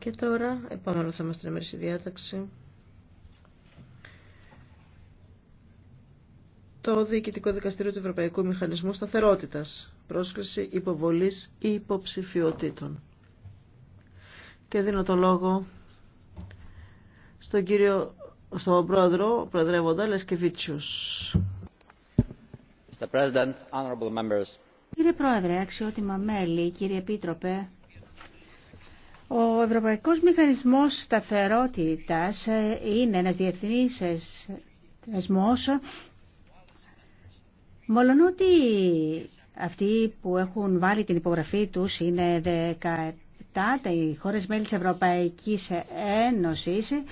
Και τώρα, επόμενο θέμα στην στη διάταξη. Το Διοικητικό Δικαστήριο του Ευρωπαϊκού Μηχανισμού Σταθερότητας. Πρόσκληση υποβολής υποψηφιότητων. Και δίνω το λόγο στον κύριο, στον πρόεδρο, προεδρεύοντα Λεσκεβίτσιους. Κύριε Πρόεδρε, αξιότιμα μέλη, κύριε Επίτροπε, ο Ευρωπαϊκός Μηχανισμός Σταθερότητας ε, είναι ένας διεθνής ε, θεσμός, μόλον ότι αυτοί που έχουν βάλει την υπογραφή τους είναι 17 οι χώρες μέλη της Ευρωπαϊκής Ένωσης. Ε,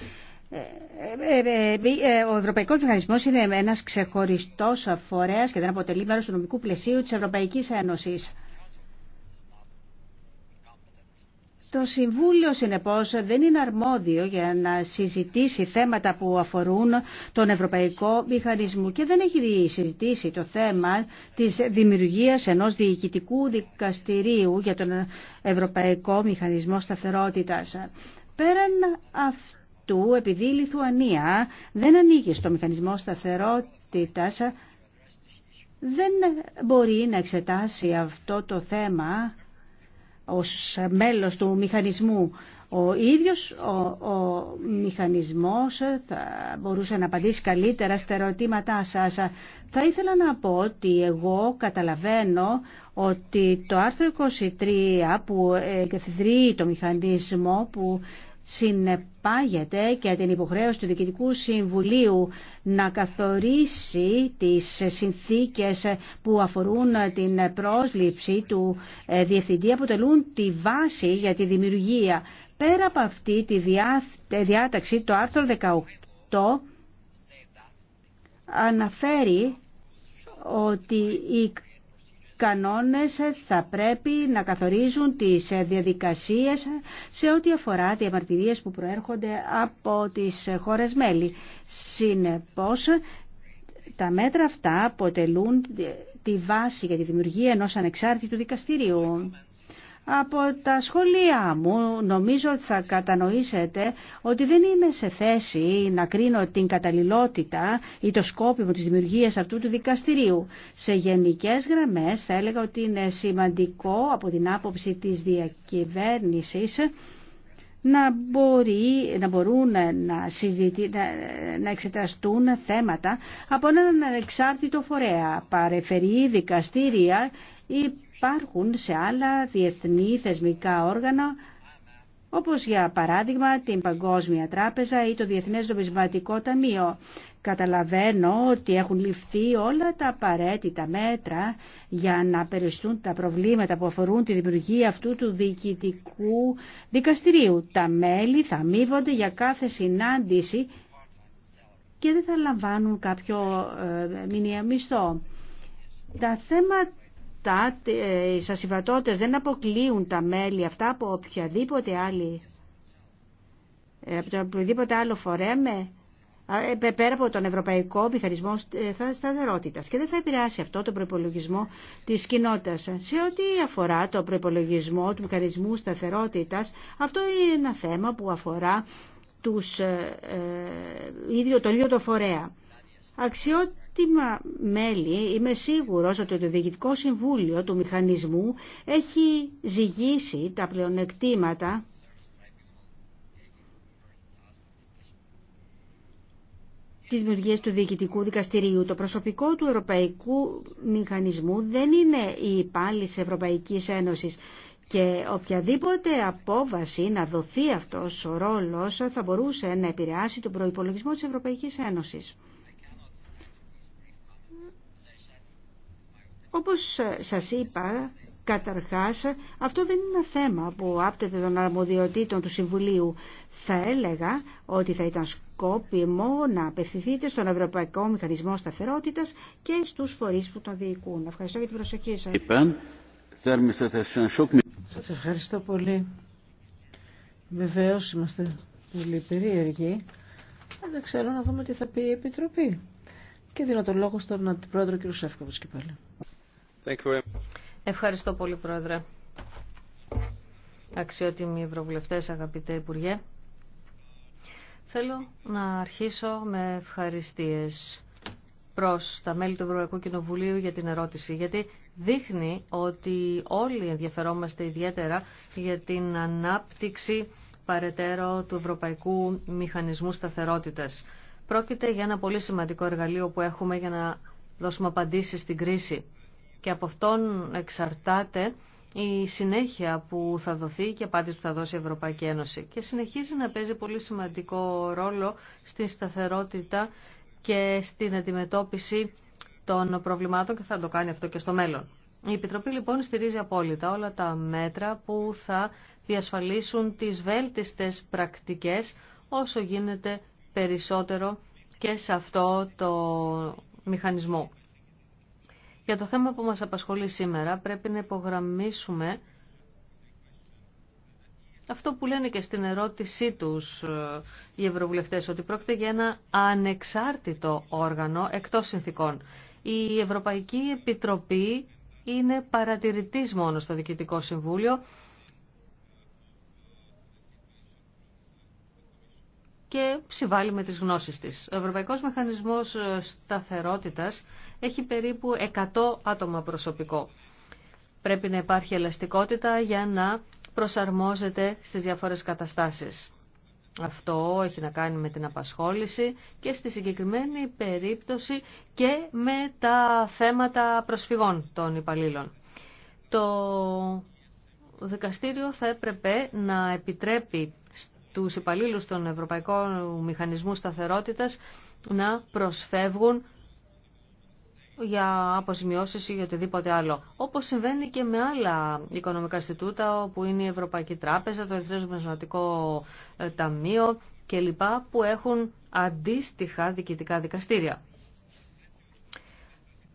ο Ευρωπαϊκό Μηχανισμός είναι ένα ξεχωριστό φορέα και δεν αποτελεί μέρο του νομικού πλαισίου τη Ευρωπαϊκή Ένωση. Το Συμβούλιο, συνεπώς, δεν είναι αρμόδιο για να συζητήσει θέματα που αφορούν τον Ευρωπαϊκό Μηχανισμό και δεν έχει συζητήσει το θέμα της δημιουργίας ενός διοικητικού δικαστηρίου για τον Ευρωπαϊκό Μηχανισμό Σταθερότητας. Πέραν αυτού, επειδή η Λιθουανία δεν ανοίγει στο Μηχανισμό Σταθερότητας, δεν μπορεί να εξετάσει αυτό το θέμα ως μέλος του μηχανισμού. Ο ίδιος ο, ο μηχανισμός θα μπορούσε να απαντήσει καλύτερα στα ερωτήματά σας. Θα ήθελα να πω ότι εγώ καταλαβαίνω ότι το άρθρο 23 που εγκαθιδρύει το μηχανισμό που συνεπάγεται και την υποχρέωση του Διοικητικού Συμβουλίου να καθορίσει τις συνθήκες που αφορούν την πρόσληψη του ε, Διευθυντή αποτελούν τη βάση για τη δημιουργία. Πέρα από αυτή τη διάταξη, το άρθρο 18 αναφέρει ότι η κανόνες θα πρέπει να καθορίζουν τις διαδικασίες σε ό,τι αφορά διαμαρτυρίες που προέρχονται από τις χώρες μέλη. Συνεπώς, τα μέτρα αυτά αποτελούν τη βάση για τη δημιουργία ενός ανεξάρτητου δικαστηρίου από τα σχολεία μου νομίζω ότι θα κατανοήσετε ότι δεν είμαι σε θέση να κρίνω την καταλληλότητα ή το σκόπιμο της δημιουργίας αυτού του δικαστηρίου. Σε γενικές γραμμές θα έλεγα ότι είναι σημαντικό από την άποψη της διακυβέρνησης να, μπορεί, να μπορούν να, εξεταστούν θέματα από έναν ανεξάρτητο φορέα. Παρεφερεί δικαστήρια υπάρχουν σε άλλα διεθνή θεσμικά όργανα όπως για παράδειγμα την Παγκόσμια Τράπεζα ή το Διεθνές Νομισματικό Ταμείο. Καταλαβαίνω ότι έχουν ληφθεί όλα τα απαραίτητα μέτρα για να περιστούν τα προβλήματα που αφορούν τη δημιουργία αυτού του διοικητικού δικαστηρίου. Τα μέλη θα αμείβονται για κάθε συνάντηση και δεν θα λαμβάνουν κάποιο ε, μηνιαμισθό. Τα θέματα τα, οι δεν αποκλείουν τα μέλη αυτά από οποιαδήποτε άλλη ε, από οποιοδήποτε άλλο φορέα με, ε, πέρα από τον Ευρωπαϊκό Μηχανισμό ε, Σταθερότητα. Και δεν θα επηρεάσει αυτό το προπολογισμό τη κοινότητα. Σε ό,τι αφορά το προπολογισμό του Μηχανισμού Σταθερότητα, αυτό είναι ένα θέμα που αφορά τους, ίδιο, τον ίδιο το φορέα. Αξιότιμα μέλη, είμαι σίγουρος ότι το Διοικητικό Συμβούλιο του Μηχανισμού έχει ζυγίσει τα πλεονεκτήματα τη δημιουργία του Διοικητικού Δικαστηρίου. Το προσωπικό του Ευρωπαϊκού Μηχανισμού δεν είναι η υπάλληλη τη Ευρωπαϊκή Ένωση. Και οποιαδήποτε απόβαση να δοθεί αυτός ο ρόλος θα μπορούσε να επηρεάσει τον προϋπολογισμό της Ευρωπαϊκής Ένωσης. Όπως σας είπα, καταρχάς, αυτό δεν είναι ένα θέμα που άπτεται των αρμοδιοτήτων του Συμβουλίου. Θα έλεγα ότι θα ήταν σκόπιμο να απευθυνθείτε στον Ευρωπαϊκό Μηχανισμό Σταθερότητας και στους φορείς που τον διοικούν. Ευχαριστώ για την προσοχή σας. Σας ευχαριστώ πολύ. Βεβαίως είμαστε πολύ περίεργοι. Δεν ξέρω να δούμε τι θα πει η Επιτροπή. Και δίνω τον λόγο στον Αντιπρόεδρο κ. Σεύκοβος και πάλι. Ευχαριστώ πολύ, Πρόεδρε. Αξιότιμοι Ευρωβουλευτές, αγαπητέ Υπουργέ. Θέλω να αρχίσω με ευχαριστίες προς τα μέλη του Ευρωπαϊκού Κοινοβουλίου για την ερώτηση, γιατί δείχνει ότι όλοι ενδιαφερόμαστε ιδιαίτερα για την ανάπτυξη παρετέρω του Ευρωπαϊκού Μηχανισμού Σταθερότητας. Πρόκειται για ένα πολύ σημαντικό εργαλείο που έχουμε για να δώσουμε απαντήσεις στην κρίση και από αυτόν εξαρτάται η συνέχεια που θα δοθεί και η απάντηση που θα δώσει η Ευρωπαϊκή Ένωση. Και συνεχίζει να παίζει πολύ σημαντικό ρόλο στη σταθερότητα και στην αντιμετώπιση των προβλημάτων και θα το κάνει αυτό και στο μέλλον. Η Επιτροπή λοιπόν στηρίζει απόλυτα όλα τα μέτρα που θα διασφαλίσουν τις βέλτιστες πρακτικές όσο γίνεται περισσότερο και σε αυτό το μηχανισμό. Για το θέμα που μας απασχολεί σήμερα πρέπει να υπογραμμίσουμε αυτό που λένε και στην ερώτησή τους ε, οι ευρωβουλευτές, ότι πρόκειται για ένα ανεξάρτητο όργανο εκτός συνθήκων. Η Ευρωπαϊκή Επιτροπή είναι παρατηρητής μόνο στο Διοικητικό Συμβούλιο και συμβάλλει με τις γνώσεις της. Ο Ευρωπαϊκός Μηχανισμός ε, Σταθερότητας έχει περίπου 100 άτομα προσωπικό. Πρέπει να υπάρχει ελαστικότητα για να προσαρμόζεται στις διάφορες καταστάσεις. Αυτό έχει να κάνει με την απασχόληση και στη συγκεκριμένη περίπτωση και με τα θέματα προσφυγών των υπαλλήλων. Το δικαστήριο θα έπρεπε να επιτρέπει τους υπαλλήλους των Ευρωπαϊκών Μηχανισμού Σταθερότητας να προσφεύγουν για αποζημιώσεις ή για οτιδήποτε άλλο. Όπως συμβαίνει και με άλλα οικονομικά ιστιτούτα, όπου είναι η Ευρωπαϊκή Τράπεζα, το Εθνικό Μεσονατικό ε, Ταμείο κλπ. που έχουν αντίστοιχα διοικητικά δικαστήρια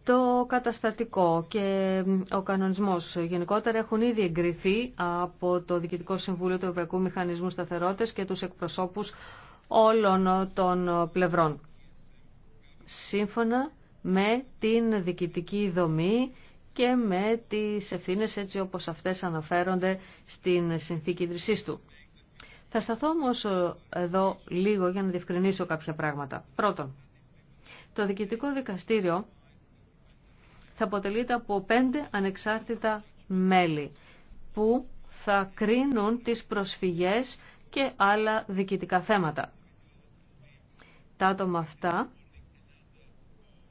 το καταστατικό και ο κανονισμός γενικότερα έχουν ήδη εγκριθεί από το Δικητικό Συμβούλιο του Ευρωπαϊκού Μηχανισμού Σταθερότητας και τους εκπροσώπους όλων των πλευρών. Σύμφωνα με την διοικητική δομή και με τις ευθύνε έτσι όπως αυτές αναφέρονται στην συνθήκη ιδρυσής του. Θα σταθώ όμω ε, εδώ λίγο για να διευκρινίσω κάποια πράγματα. Πρώτον, το Δικητικό Δικαστήριο θα αποτελείται από πέντε ανεξάρτητα μέλη που θα κρίνουν τις προσφυγές και άλλα διοικητικά θέματα. Τα άτομα αυτά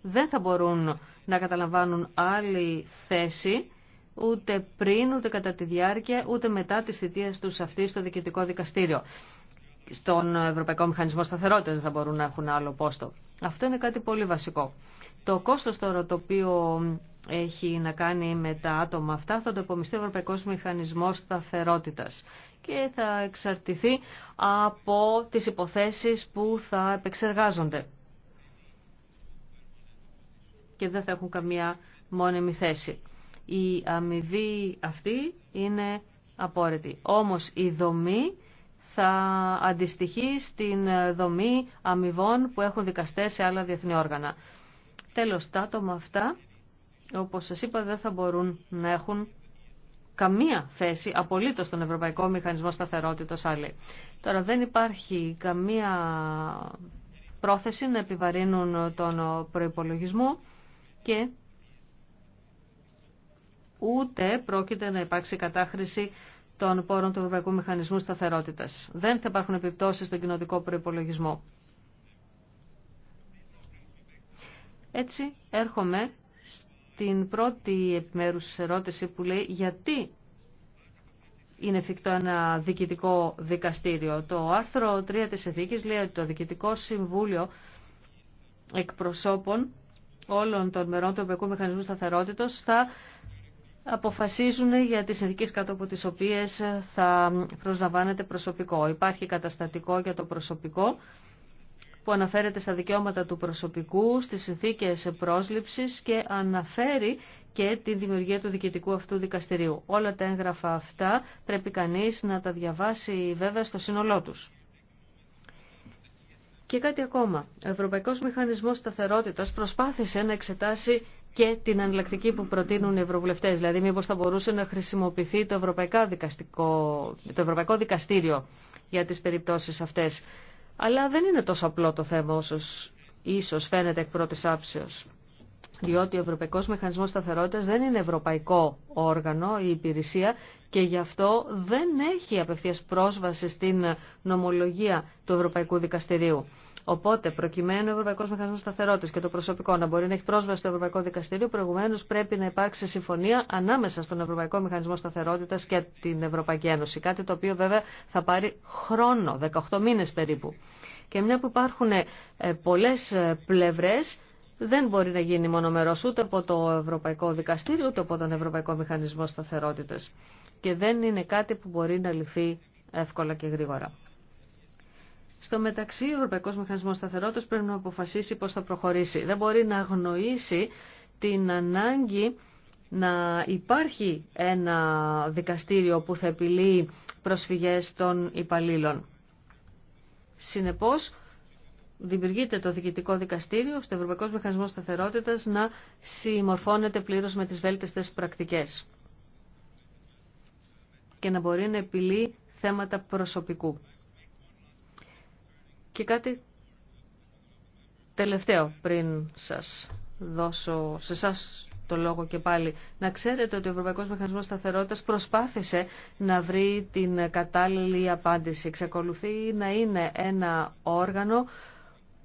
δεν θα μπορούν να καταλαμβάνουν άλλη θέση ούτε πριν, ούτε κατά τη διάρκεια, ούτε μετά τις θητείες τους αυτή στο Διοικητικό Δικαστήριο στον Ευρωπαϊκό Μηχανισμό Σταθερότητας δεν θα μπορούν να έχουν άλλο πόστο. Αυτό είναι κάτι πολύ βασικό. Το κόστος τώρα το οποίο έχει να κάνει με τα άτομα αυτά θα το υπομειστεί ο Ευρωπαϊκός Μηχανισμός Σταθερότητας και θα εξαρτηθεί από τις υποθέσεις που θα επεξεργάζονται και δεν θα έχουν καμία μόνιμη θέση. Η αμοιβή αυτή είναι απόρριτη. Όμως η δομή θα αντιστοιχεί στην δομή αμοιβών που έχουν δικαστές σε άλλα διεθνή όργανα. Τέλος, τα άτομα αυτά, όπως σας είπα, δεν θα μπορούν να έχουν καμία θέση απολύτως στον Ευρωπαϊκό Μηχανισμό Σταθερότητας άλλη. Τώρα δεν υπάρχει καμία πρόθεση να επιβαρύνουν τον προϋπολογισμό και ούτε πρόκειται να υπάρξει κατάχρηση των πόρων του Ευρωπαϊκού Μηχανισμού σταθερότητα. Δεν θα υπάρχουν επιπτώσεις στον κοινοτικό προπολογισμό. Έτσι έρχομαι στην πρώτη επιμέρους ερώτηση που λέει γιατί είναι εφικτό ένα διοικητικό δικαστήριο. Το άρθρο 3 της Εθήκης λέει ότι το Διοικητικό Συμβούλιο εκπροσώπων όλων των μερών του Ευρωπαϊκού Μηχανισμού σταθερότητα. θα αποφασίζουν για τις ειδικές κάτω από τις οποίες θα προσλαμβάνεται προσωπικό. Υπάρχει καταστατικό για το προσωπικό που αναφέρεται στα δικαιώματα του προσωπικού, στις συνθήκες πρόσληψης και αναφέρει και τη δημιουργία του διοικητικού αυτού δικαστηρίου. Όλα τα έγγραφα αυτά πρέπει κανείς να τα διαβάσει βέβαια στο σύνολό τους. Και κάτι ακόμα. Ο Ευρωπαϊκός Μηχανισμός Σταθερότητας προσπάθησε να εξετάσει και την ανελακτική που προτείνουν οι ευρωβουλευτέ. Δηλαδή, μήπω θα μπορούσε να χρησιμοποιηθεί το Ευρωπαϊκό, Δικαστικό, το Ευρωπαϊκό Δικαστήριο για τι περιπτώσει αυτέ. Αλλά δεν είναι τόσο απλό το θέμα όσο ίσω φαίνεται εκ πρώτη άψεω. Διότι ο Ευρωπαϊκό Μηχανισμό Σταθερότητα δεν είναι ευρωπαϊκό όργανο ή υπηρεσία και γι' αυτό δεν έχει απευθεία πρόσβαση στην νομολογία του Ευρωπαϊκού Δικαστηρίου. Οπότε, προκειμένου ο Ευρωπαϊκό Μηχανισμό Σταθερότητα και το προσωπικό να μπορεί να έχει πρόσβαση στο Ευρωπαϊκό Δικαστήριο, προηγουμένω πρέπει να υπάρξει συμφωνία ανάμεσα στον Ευρωπαϊκό Μηχανισμό Σταθερότητα και την Ευρωπαϊκή Ένωση. Κάτι το οποίο βέβαια θα πάρει χρόνο, 18 μήνε περίπου. Και μια που υπάρχουν ε, πολλέ ε, πλευρέ, δεν μπορεί να γίνει μονομερός ούτε από το Ευρωπαϊκό Δικαστήριο ούτε από τον Ευρωπαϊκό Μηχανισμό σταθερότητα. Και δεν είναι κάτι που μπορεί να λυθεί εύκολα και γρήγορα. Στο μεταξύ, ο Ευρωπαϊκό Μηχανισμό Σταθερότητα πρέπει να αποφασίσει πώ θα προχωρήσει. Δεν μπορεί να αγνοήσει την ανάγκη να υπάρχει ένα δικαστήριο που θα επιλύει προσφυγές των υπαλλήλων. Συνεπώς, δημιουργείται το διοικητικό δικαστήριο στο Ευρωπαϊκό Μηχανισμό Σταθερότητα να συμμορφώνεται πλήρω με τι βέλτιστε πρακτικέ και να μπορεί να επιλύει θέματα προσωπικού. Και κάτι τελευταίο πριν σας δώσω σε εσά το λόγο και πάλι. Να ξέρετε ότι ο Ευρωπαϊκός Μηχανισμός Σταθερότητας προσπάθησε να βρει την κατάλληλη απάντηση. Ξεκολουθεί να είναι ένα όργανο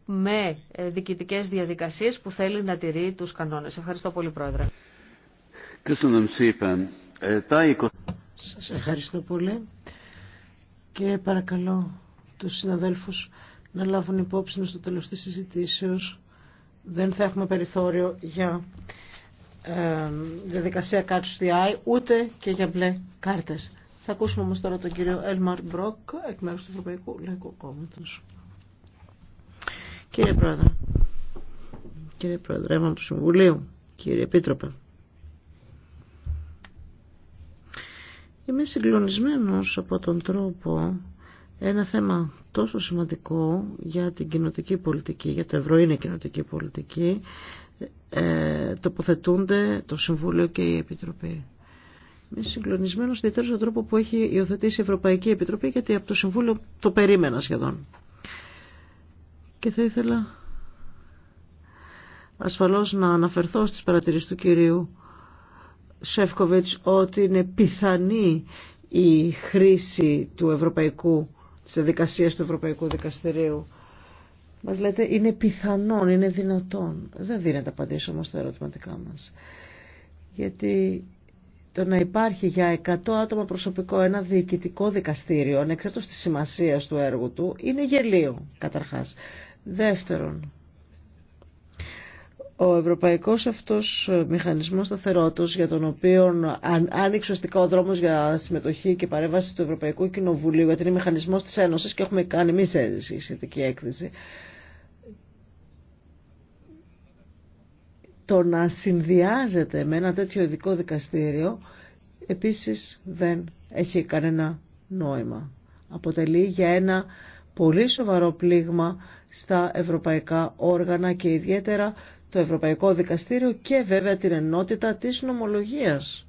με διοικητικές διαδικασίες που θέλει να τηρεί τους κανόνες. Ευχαριστώ πολύ, Πρόεδρε. Ε, σας ευχαριστώ πολύ και παρακαλώ τους συναδέλφους να λάβουν υπόψη στο τέλο τη συζητήσεως. Δεν θα έχουμε περιθώριο για ε, διαδικασία κάτω στη ΆΗ, ούτε και για μπλε κάρτε. Θα ακούσουμε όμω τώρα τον κύριο Έλμαρ Μπρόκ, εκ μέρου του Ευρωπαϊκού Λαϊκού Κόμματο. Κύριε Πρόεδρε, κύριε Πρόεδρε, του Συμβουλίου, κύριε Επίτροπε, είμαι συγκλονισμένος από τον τρόπο ένα θέμα τόσο σημαντικό για την κοινοτική πολιτική, για το ευρώ είναι κοινοτική πολιτική, ε, τοποθετούνται το Συμβούλιο και η Επιτροπή. Είμαι συγκλονισμένο ιδιαίτερα στον τρόπο που έχει υιοθετήσει η Ευρωπαϊκή Επιτροπή, γιατί από το Συμβούλιο το περίμενα σχεδόν. Και θα ήθελα ασφαλώς να αναφερθώ στις παρατηρήσεις του κυρίου Σεύκοβιτς ότι είναι πιθανή η χρήση του ευρωπαϊκού σε δικασίες του Ευρωπαϊκού Δικαστηρίου. Μας λέτε είναι πιθανόν, είναι δυνατόν. Δεν δίνεται απαντήσει όμως στα ερωτηματικά μας. Γιατί το να υπάρχει για 100 άτομα προσωπικό ένα διοικητικό δικαστήριο, ανεξάρτητο της σημασίας του έργου του, είναι γελίο καταρχάς. Δεύτερον, ο ευρωπαϊκός αυτός ε, μηχανισμός σταθερότητας για τον οποίο άνοιξε ουσιαστικά ο δρόμος για συμμετοχή και παρέμβαση του Ευρωπαϊκού Κοινοβουλίου γιατί είναι μηχανισμός της Ένωσης και έχουμε κάνει εμείς ε, σχετική έκθεση. Το να συνδυάζεται με ένα τέτοιο ειδικό δικαστήριο επίσης δεν έχει κανένα νόημα. Αποτελεί για ένα πολύ σοβαρό πλήγμα στα ευρωπαϊκά όργανα και ιδιαίτερα το Ευρωπαϊκό Δικαστήριο και βέβαια την ενότητα της νομολογίας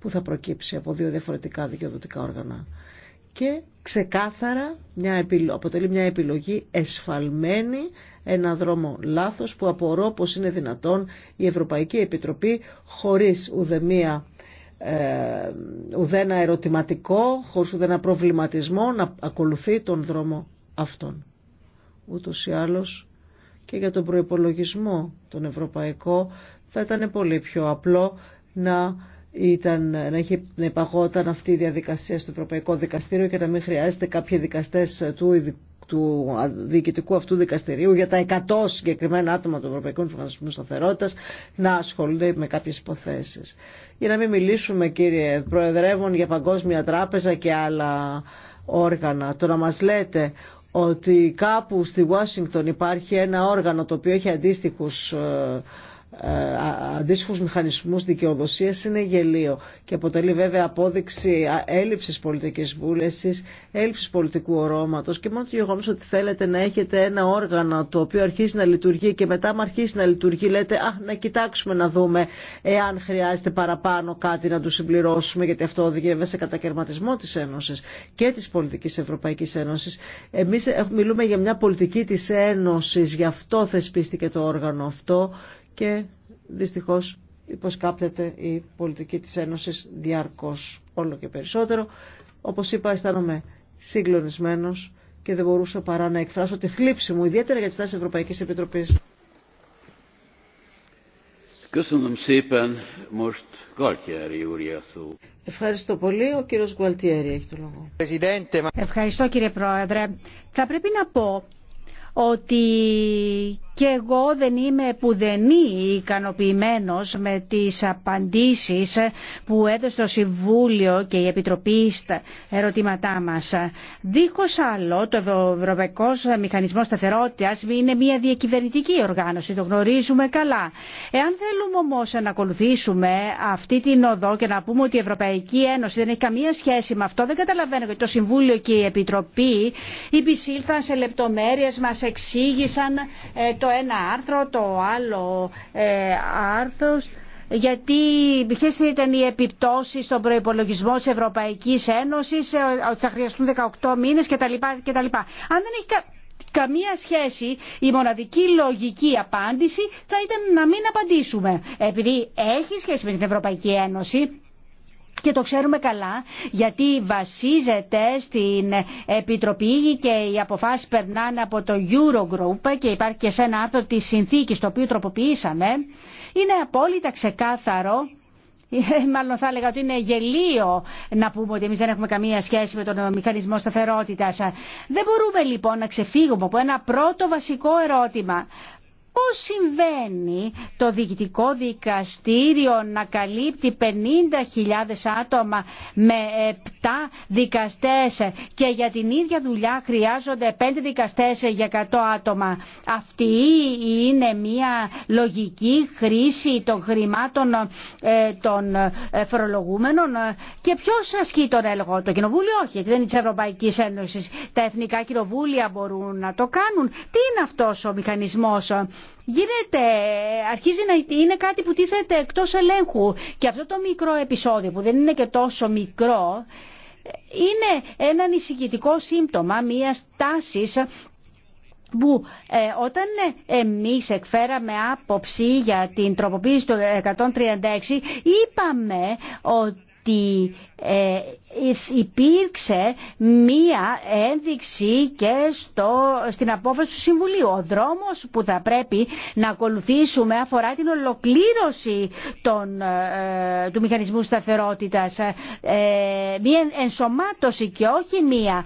που θα προκύψει από δύο διαφορετικά δικαιοδοτικά όργανα. Και ξεκάθαρα μια αποτελεί μια επιλογή εσφαλμένη, ένα δρόμο λάθος που απορώ πως είναι δυνατόν η Ευρωπαϊκή Επιτροπή χωρίς ουδεμία ε, ουδένα ερωτηματικό, χωρίς ουδένα προβληματισμό να ακολουθεί τον δρόμο αυτόν. Ούτως ή άλλως και για τον προϋπολογισμό τον ευρωπαϊκό θα ήταν πολύ πιο απλό να, ήταν, να, είχε, να υπαγόταν αυτή η διαδικασία στο Ευρωπαϊκό Δικαστήριο και να μην χρειάζεται κάποιοι δικαστές του ειδικού του διοικητικού αυτού δικαστηρίου για τα 100 συγκεκριμένα άτομα του Ευρωπαϊκού Οργανισμού Σταθερότητα να ασχολούνται με κάποιε υποθέσει. Για να μην μιλήσουμε, κύριε Προεδρεύων, για Παγκόσμια Τράπεζα και άλλα όργανα. Το να μα λέτε ότι κάπου στη Ουάσιγκτον υπάρχει ένα όργανο το οποίο έχει αντίστοιχου ε, ε, αντίστοιχου μηχανισμού δικαιοδοσία είναι γελίο και αποτελεί βέβαια απόδειξη έλλειψης πολιτικής βούληση, έλλειψης πολιτικού ορώματο και μόνο το γεγονό ότι θέλετε να έχετε ένα όργανο το οποίο αρχίζει να λειτουργεί και μετά με αρχίσει να λειτουργεί λέτε Αχ, να κοιτάξουμε να δούμε εάν χρειάζεται παραπάνω κάτι να του συμπληρώσουμε γιατί αυτό οδηγεί βέβαια σε κατακαιρματισμό τη Ένωση και τη πολιτική Ευρωπαϊκή Ένωση. Εμεί μιλούμε για μια πολιτική τη Ένωση, γι' αυτό θεσπίστηκε το όργανο αυτό και δυστυχώς υποσκάπτεται η πολιτική της Ένωσης διαρκώς όλο και περισσότερο. Όπως είπα αισθάνομαι συγκλονισμένος και δεν μπορούσα παρά να εκφράσω τη θλίψη μου, ιδιαίτερα για τις τάσεις Ευρωπαϊκής Επιτροπής. Ευχαριστώ πολύ. Ο κύριος Γκουαλτιέρη έχει το λόγο. Ευχαριστώ κύριε Πρόεδρε. Θα πρέπει να πω ότι και εγώ δεν είμαι πουδενή ικανοποιημένος με τις απαντήσεις που έδωσε το Συμβούλιο και η Επιτροπή στα ερωτήματά μας. Δίχως άλλο, το Ευρωπαϊκό Μηχανισμό Σταθερότητας είναι μια διακυβερνητική οργάνωση, το γνωρίζουμε καλά. Εάν θέλουμε όμως να ακολουθήσουμε αυτή την οδό και να πούμε ότι η Ευρωπαϊκή Ένωση δεν έχει καμία σχέση με αυτό, δεν καταλαβαίνω γιατί το Συμβούλιο και η Επιτροπή επισήλθαν σε λεπτομέρειες, μας εξήγησαν ε, το το ένα άρθρο, το άλλο ε, άρθρο γιατί ποιε ήταν οι επιπτώσει στον προπολογισμό τη Ευρωπαϊκή Ένωση, ε, ότι θα χρειαστούν 18 μήνε κτλ. κτλ. Αν δεν έχει καμία σχέση, η μοναδική λογική απάντηση θα ήταν να μην απαντήσουμε. Επειδή έχει σχέση με την Ευρωπαϊκή Ένωση, και το ξέρουμε καλά γιατί βασίζεται στην Επιτροπή και οι αποφάσεις περνάνε από το Eurogroup και υπάρχει και σε ένα άρθρο της συνθήκης το οποίο τροποποιήσαμε. Είναι απόλυτα ξεκάθαρο ε, Μάλλον θα έλεγα ότι είναι γελίο να πούμε ότι εμείς δεν έχουμε καμία σχέση με τον μηχανισμό σταθερότητας. Δεν μπορούμε λοιπόν να ξεφύγουμε από ένα πρώτο βασικό ερώτημα. Πώς συμβαίνει το διοικητικό δικαστήριο να καλύπτει 50.000 άτομα με 7 δικαστές και για την ίδια δουλειά χρειάζονται 5 δικαστές για 100 άτομα. Αυτή είναι μια λογική χρήση των χρημάτων ε, των ε, φορολογούμενων και ποιος ασκεί τον έλεγχο. Το Κοινοβούλιο όχι, δεν είναι της Ευρωπαϊκής Ένωσης. Τα Εθνικά Κοινοβούλια μπορούν να το κάνουν. Τι είναι αυτός ο μηχανισμός γίνεται, αρχίζει να είναι κάτι που τίθεται εκτός ελέγχου. Και αυτό το μικρό επεισόδιο που δεν είναι και τόσο μικρό, είναι ένα ανησυχητικό σύμπτωμα μιας τάσης που ε, όταν ε, εμείς εκφέραμε άποψη για την τροποποίηση του 136 είπαμε ότι ε, υπήρξε μία ένδειξη και στο, στην απόφαση του Συμβουλίου. Ο δρόμος που θα πρέπει να ακολουθήσουμε αφορά την ολοκλήρωση των, ε, του μηχανισμού σταθερότητας. Ε, μία ενσωμάτωση και όχι μία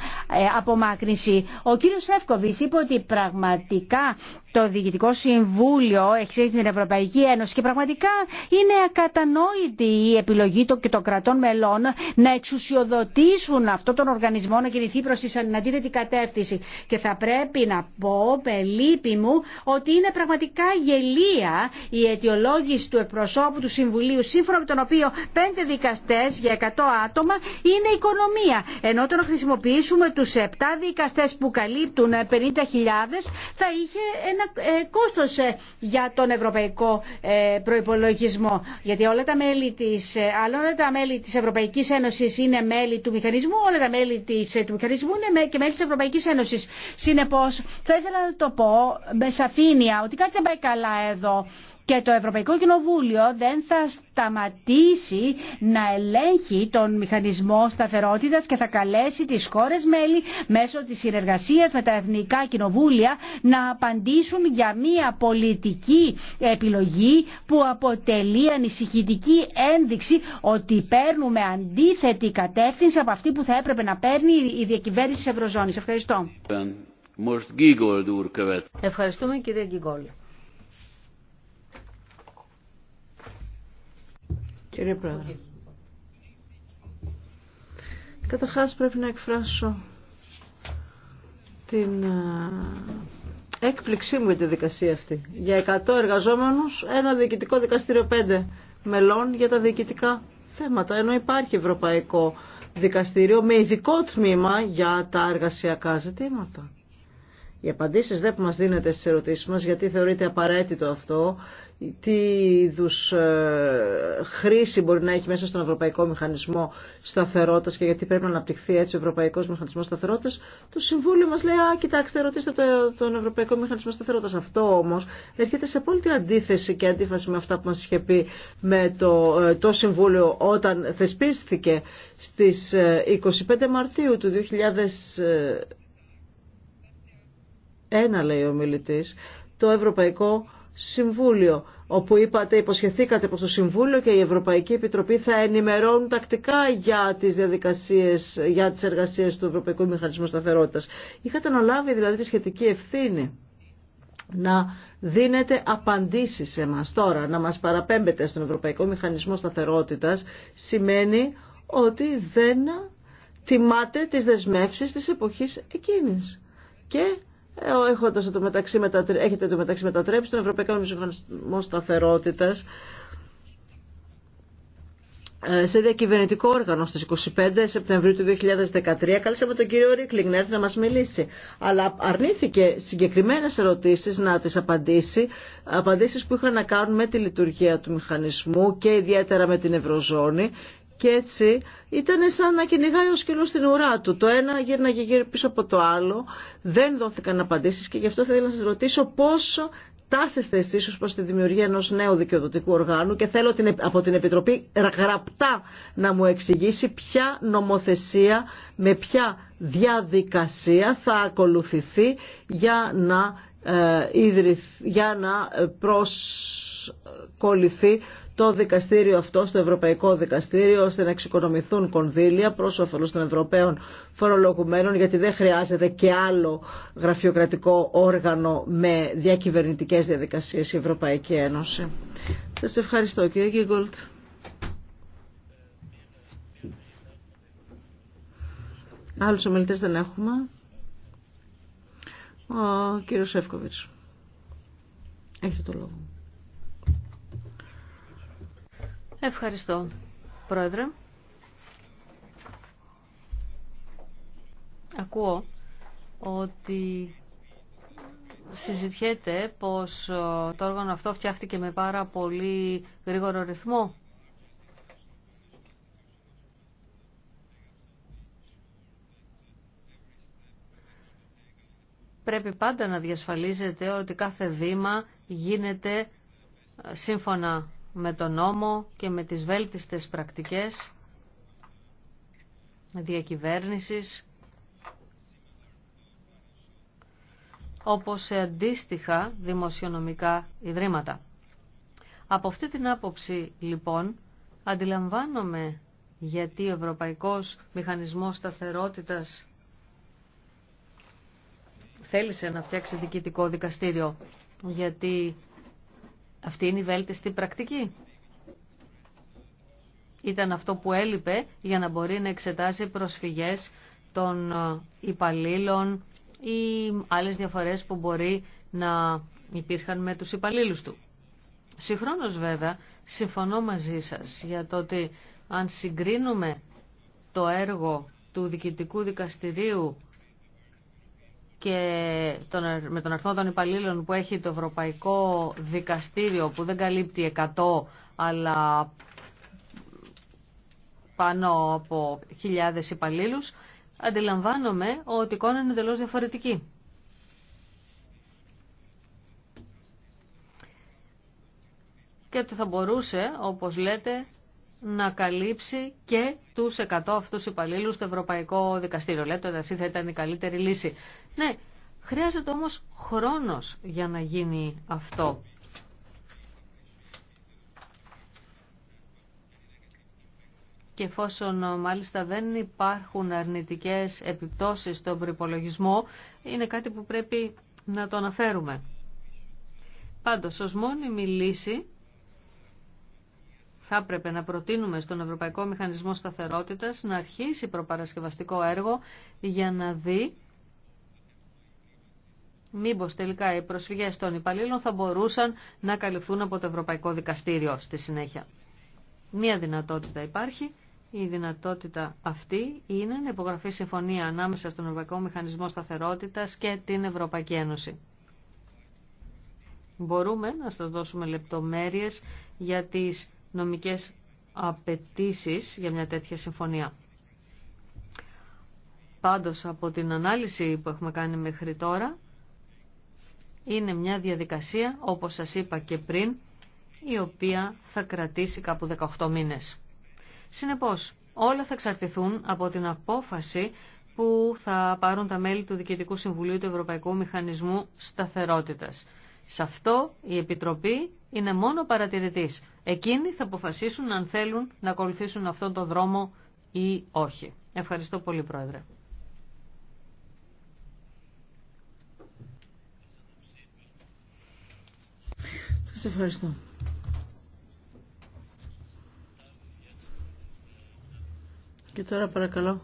απομάκρυνση. Ο κύριος Εύκοβης είπε ότι πραγματικά το Διοικητικό Συμβούλιο εξήγησε την Ευρωπαϊκή Ένωση και πραγματικά είναι ακατανόητη η επιλογή των κρατών μελών να εξουσιοδοτήσουν αυτό τον οργανισμό να κινηθεί προς την αντίθετη κατεύθυνση. Και θα πρέπει να πω με μου ότι είναι πραγματικά γελία η αιτιολόγηση του εκπροσώπου του Συμβουλίου σύμφωνα με τον οποίο πέντε δικαστές για 100 άτομα είναι οικονομία. Ενώ όταν χρησιμοποιήσουμε τους επτά δικαστές που καλύπτουν 50.000 θα είχε ένα ε, κόστος ε, για τον ευρωπαϊκό ε, προϋπολογισμό. Γιατί όλα τα μέλη τα Ένωση είναι μέλη του μηχανισμού, όλα τα μέλη της, του μηχανισμού είναι και μέλη τη ευρωπαϊκή Ένωση. Συνεπώ, θα ήθελα να το πω με σαφήνεια ότι κάτι δεν πάει καλά εδώ και το Ευρωπαϊκό Κοινοβούλιο δεν θα σταματήσει να ελέγχει τον μηχανισμό σταθερότητας και θα καλέσει τις χώρες μέλη μέσω της συνεργασίας με τα εθνικά κοινοβούλια να απαντήσουν για μια πολιτική επιλογή που αποτελεί ανησυχητική ένδειξη ότι παίρνουμε αντίθετη κατεύθυνση από αυτή που θα έπρεπε να παίρνει η διακυβέρνηση της Ευρωζώνης. Ευχαριστώ. Ευχαριστούμε κύριε Γκίγκολ. Κύριε Πρόεδρε. Καταρχάς πρέπει να εκφράσω την έκπληξή μου για τη δικασία αυτή. Για 100 εργαζόμενους, ένα διοικητικό δικαστήριο 5 μελών για τα διοικητικά θέματα. Ενώ υπάρχει ευρωπαϊκό δικαστήριο με ειδικό τμήμα για τα εργασιακά ζητήματα. Οι απαντήσεις δεν που μας δίνετε στις ερωτήσεις μας, γιατί θεωρείται απαραίτητο αυτό, τι είδου ε, χρήση μπορεί να έχει μέσα στον Ευρωπαϊκό Μηχανισμό Σταθερότητα και γιατί πρέπει να αναπτυχθεί έτσι ο Ευρωπαϊκό Μηχανισμό Σταθερότητα, το Συμβούλιο μα λέει: Α, κοιτάξτε, ρωτήστε το, τον Ευρωπαϊκό Μηχανισμό Σταθερότητα. Αυτό όμω έρχεται σε απόλυτη αντίθεση και αντίφαση με αυτά που μα είχε πει με το, ε, το Συμβούλιο όταν θεσπίστηκε στι 25 ε, Μαρτίου του 2001, λέει ο μιλητή, το Ευρωπαϊκό Συμβούλιο, όπου είπατε, υποσχεθήκατε πως το Συμβούλιο και η Ευρωπαϊκή Επιτροπή θα ενημερώνουν τακτικά για τις διαδικασίες, για τις εργασίες του Ευρωπαϊκού Μηχανισμού Σταθερότητας. Είχατε αναλάβει δηλαδή τη σχετική ευθύνη να δίνετε απαντήσεις σε μας τώρα, να μας παραπέμπετε στον Ευρωπαϊκό Μηχανισμό Σταθερότητας, σημαίνει ότι δεν τιμάτε τις δεσμεύσεις της εποχής εκείνης. Και ε, έχοντας το μεταξύ μετατρέ... έχετε το μεταξύ μετατρέψει τον Ευρωπαϊκό Μηχανισμό σταθερότητα ε, σε διακυβερνητικό όργανο στις 25 Σεπτεμβρίου του 2013 κάλεσαμε τον κύριο Ρίκλινγκ να έρθει να μας μιλήσει αλλά αρνήθηκε συγκεκριμένες ερωτήσεις να τις απαντήσει απαντήσεις που είχαν να κάνουν με τη λειτουργία του μηχανισμού και ιδιαίτερα με την Ευρωζώνη και έτσι ήταν σαν να κυνηγάει ο σκυλό στην ουρά του. Το ένα γύρναγε γύρω πίσω από το άλλο. Δεν δόθηκαν απαντήσεις και γι' αυτό θέλω να σα ρωτήσω πόσο τάσεστε εσεί προς τη δημιουργία ενός νέου δικαιοδοτικού οργάνου και θέλω την, από την Επιτροπή γραπτά να μου εξηγήσει ποια νομοθεσία, με ποια διαδικασία θα ακολουθηθεί για να ε, για να ε, προσκοληθεί το δικαστήριο αυτό στο Ευρωπαϊκό Δικαστήριο ώστε να εξοικονομηθούν κονδύλια προς όφελος των Ευρωπαίων φορολογουμένων γιατί δεν χρειάζεται και άλλο γραφειοκρατικό όργανο με διακυβερνητικές διαδικασίες η Ευρωπαϊκή Ένωση. Σας ευχαριστώ κύριε Γίγκολτ. Άλλους ομιλητές δεν έχουμε. Ο κύριο Σεύκοβιτ. Έχετε το λόγο. Ευχαριστώ, Πρόεδρε. Ακούω ότι συζητιέται πως το όργανο αυτό φτιάχτηκε με πάρα πολύ γρήγορο ρυθμό πρέπει πάντα να διασφαλίζεται ότι κάθε βήμα γίνεται σύμφωνα με τον νόμο και με τις βέλτιστες πρακτικές διακυβέρνησης όπως σε αντίστοιχα δημοσιονομικά ιδρύματα. Από αυτή την άποψη λοιπόν αντιλαμβάνομαι γιατί ο Ευρωπαϊκός Μηχανισμός Σταθερότητας θέλησε να φτιάξει διοικητικό δικαστήριο, γιατί αυτή είναι η βέλτιστη πρακτική. Ήταν αυτό που έλειπε για να μπορεί να εξετάσει προσφυγές των ε, υπαλλήλων ή άλλες διαφορές που μπορεί να υπήρχαν με τους υπαλλήλους του. Συγχρόνως βέβαια, συμφωνώ μαζί σας για το ότι αν συγκρίνουμε το έργο του Διοικητικού Δικαστηρίου και με τον αριθμό των υπαλλήλων που έχει το Ευρωπαϊκό Δικαστήριο που δεν καλύπτει 100 αλλά πάνω από χιλιάδες υπαλλήλους, αντιλαμβάνομαι ότι η εικόνα είναι εντελώς διαφορετική. Και ότι θα μπορούσε, όπως λέτε, να καλύψει και τους 100 αυτούς υπαλλήλου στο Ευρωπαϊκό Δικαστήριο. Λέτε ότι αυτή θα ήταν η καλύτερη λύση. Ναι, χρειάζεται όμως χρόνος για να γίνει αυτό. και εφόσον μάλιστα δεν υπάρχουν αρνητικές επιπτώσεις στον προπολογισμό, είναι κάτι που πρέπει να το αναφέρουμε. Πάντως, ως μόνιμη λύση θα έπρεπε να προτείνουμε στον Ευρωπαϊκό Μηχανισμό Σταθερότητας να αρχίσει προπαρασκευαστικό έργο για να δει μήπως τελικά οι προσφυγές των υπαλλήλων θα μπορούσαν να καλυφθούν από το Ευρωπαϊκό Δικαστήριο στη συνέχεια. Μία δυνατότητα υπάρχει. Η δυνατότητα αυτή είναι να υπογραφεί συμφωνία ανάμεσα στον Ευρωπαϊκό Μηχανισμό Σταθερότητας και την Ευρωπαϊκή Ένωση. Μπορούμε να σας δώσουμε λεπτομέρειες για νομικές απαιτήσει για μια τέτοια συμφωνία. Πάντως από την ανάλυση που έχουμε κάνει μέχρι τώρα είναι μια διαδικασία όπως σας είπα και πριν η οποία θα κρατήσει κάπου 18 μήνες. Συνεπώς όλα θα εξαρτηθούν από την απόφαση που θα πάρουν τα μέλη του Διοικητικού Συμβουλίου του Ευρωπαϊκού Μηχανισμού Σταθερότητας. Σε αυτό η Επιτροπή είναι μόνο παρατηρητής. Εκείνοι θα αποφασίσουν αν θέλουν να ακολουθήσουν αυτόν τον δρόμο ή όχι. Ευχαριστώ πολύ Πρόεδρε. Σας ευχαριστώ. Και τώρα παρακαλώ.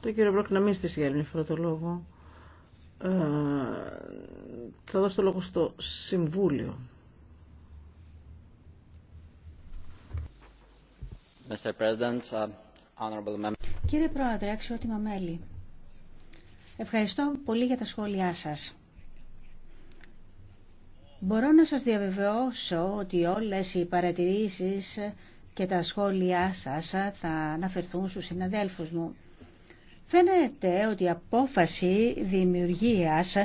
Το κύριο Μπρόκ να μην στήσει για το λόγο. Ε, θα δώσω το λόγο στο Συμβούλιο. Mr. President, uh, honorable Κύριε Πρόεδρε, αξιότιμα μέλη, ευχαριστώ πολύ για τα σχόλιά σας. Μπορώ να σας διαβεβαιώσω ότι όλες οι παρατηρήσεις και τα σχόλιά σας θα αναφερθούν στους συναδέλφους μου. Φαίνεται ότι η απόφαση δημιουργίας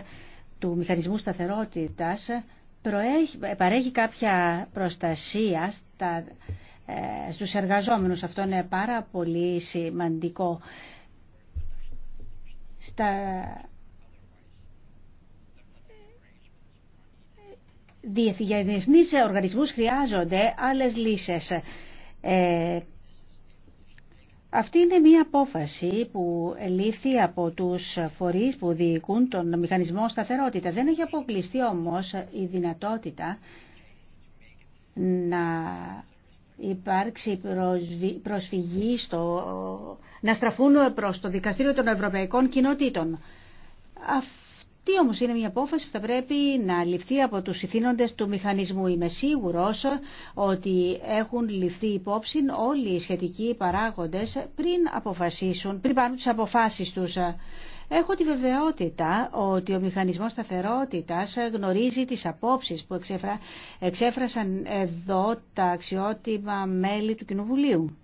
του μηχανισμού σταθερότητας παρέχει κάποια προστασία στα, ε, στους εργαζόμενους. Αυτό είναι πάρα πολύ σημαντικό. Στα... Για διεθνείς οργανισμούς χρειάζονται άλλες λύσεις. Ε, αυτή είναι μια απόφαση που λήφθη από τους φορείς που διοικούν τον μηχανισμό σταθερότητας. Δεν έχει αποκλειστεί όμως η δυνατότητα να υπάρξει προσφυγή στο, να στραφούν προς το Δικαστήριο των Ευρωπαϊκών Κοινοτήτων. Τι όμως είναι μια απόφαση που θα πρέπει να ληφθεί από τους ηθήνοντες του μηχανισμού. Είμαι σίγουρος ότι έχουν ληφθεί υπόψη όλοι οι σχετικοί παράγοντες πριν αποφασίσουν, πριν πάρουν τις αποφάσεις τους. Έχω τη βεβαιότητα ότι ο μηχανισμός σταθερότητας γνωρίζει τις απόψεις που εξέφρασαν εδώ τα αξιότιμα μέλη του Κοινοβουλίου.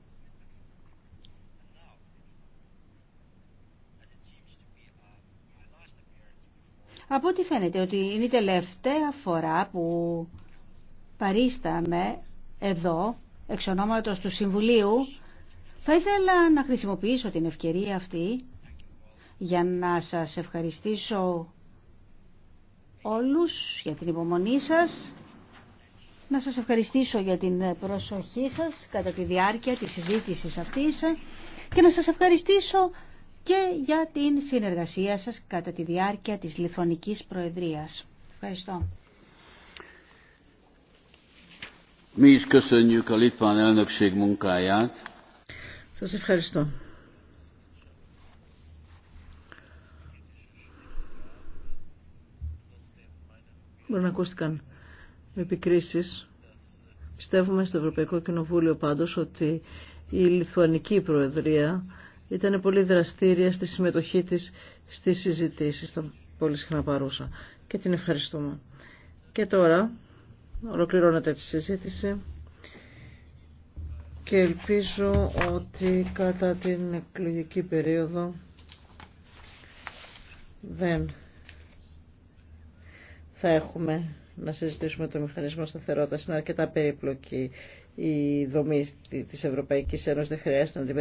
Από ό,τι φαίνεται ότι είναι η τελευταία φορά που παρίσταμε εδώ, εξ του Συμβουλίου, θα ήθελα να χρησιμοποιήσω την ευκαιρία αυτή για να σας ευχαριστήσω όλους για την υπομονή σας, να σας ευχαριστήσω για την προσοχή σας κατά τη διάρκεια της συζήτησης αυτής και να σας ευχαριστήσω και για την συνεργασία σας κατά τη διάρκεια της Λιθωνικής Προεδρίας. Ευχαριστώ. Σα Σας ευχαριστώ. Μπορεί να ακούστηκαν επικρίσεις. Πιστεύουμε στο Ευρωπαϊκό Κοινοβούλιο πάντως ότι η Λιθουανική Προεδρία ήταν πολύ δραστήρια στη συμμετοχή της στις συζητήσεις, ήταν πολύ συχνά παρούσα και την ευχαριστούμε. Και τώρα ολοκληρώνεται τη συζήτηση και ελπίζω ότι κατά την εκλογική περίοδο δεν θα έχουμε να συζητήσουμε το μηχανισμό σταθερότητας. Είναι αρκετά περίπλοκη η δομή της Ευρωπαϊκής Ένωσης, δεν χρειάζεται να